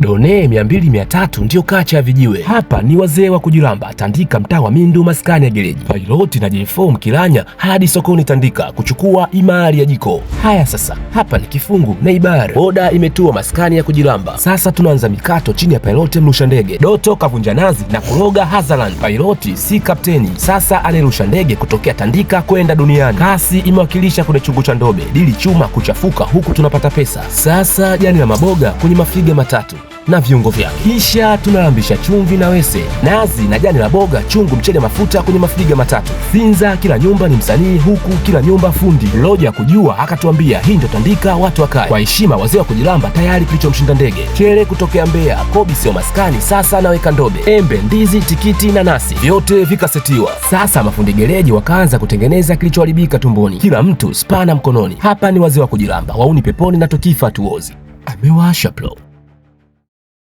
Done mia mbili mia tatu ndiyo kacha ya vijiwe. Hapa ni wazee wa kujilamba. Tandika mtaa wa Mindu maskani ya gereji Pailoti na j kilanya hadi sokoni Tandika kuchukua imari ya jiko. Haya sasa, hapa ni kifungu na ibara. Boda imetua maskani ya kujilamba. Sasa tunaanza mikato chini ya Pailoti mrusha ndege. Doto kavunja nazi na kuroga Hazaland. Pailoti si kapteni, sasa anerusha ndege kutokea Tandika kwenda duniani. Kasi imewakilisha kwenye chungu cha ndobe. Dili chuma kuchafuka, huku tunapata pesa. Sasa jani la maboga kwenye mafiga matatu na viungo vyake, kisha tunalambisha chumvi na wese, nazi na jani la boga, chungu, mchele, mafuta kwenye mafiga matatu. Sinza kila nyumba ni msanii, huku kila nyumba fundi. Loja kujua akatuambia, hii ndio tandika watu wakae kwa heshima, wazee wa kujilamba tayari kilichomshinda ndege. Chele kutokea Mbeya, Kobi sio maskani, sasa naweka ndobe, embe, ndizi, tikiti na nasi, vyote vikasetiwa. Sasa mafundi gereji wakaanza kutengeneza kilichoharibika tumboni, kila mtu spana mkononi. Hapa ni wazee wa kujilamba, wauni peponi na tokifa tuozi. Amewasha plow.